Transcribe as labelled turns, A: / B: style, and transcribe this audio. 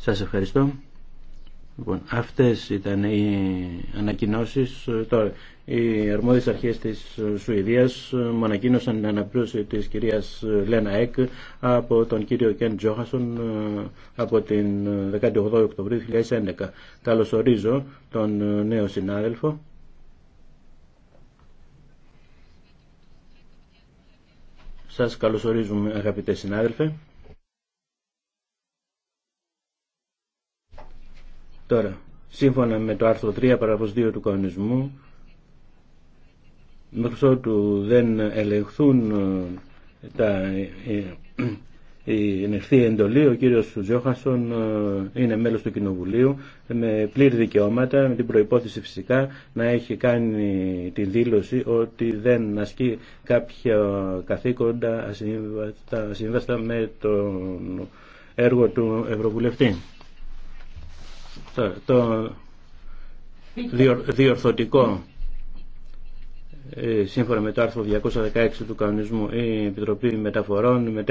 A: Σας ευχαριστώ. Λοιπόν, αυτές ήταν οι ανακοινώσεις. Τώρα, οι αρμόδιες αρχές της Σουηδίας μου ανακοίνωσαν την αναπλούση της κυρίας Λένα Εκ από τον κύριο Κεν Τζόχασον ε, από την 18 Οκτωβρίου 2011. Καλωσορίζω τον ε, νέο συνάδελφο. Σας καλωσορίζουμε αγαπητέ συνάδελφε. Τώρα, σύμφωνα με το άρθρο 3 παράγραφος 2 του κανονισμού, μέχρι ότου δεν ελεγχθούν ε, τα, ε, ε, η ενεχθή εντολή, ο κύριος Τζόχασον είναι μέλος του Κοινοβουλίου με πλήρη δικαιώματα, με την προϋπόθεση φυσικά να έχει κάνει τη δήλωση ότι δεν ασκεί κάποια καθήκοντα ασύμβαστα με το έργο του Ευρωβουλευτή το διορθωτικό ε, σύμφωνα με το άρθρο 216 του κανονισμού η Επιτροπή Μεταφορών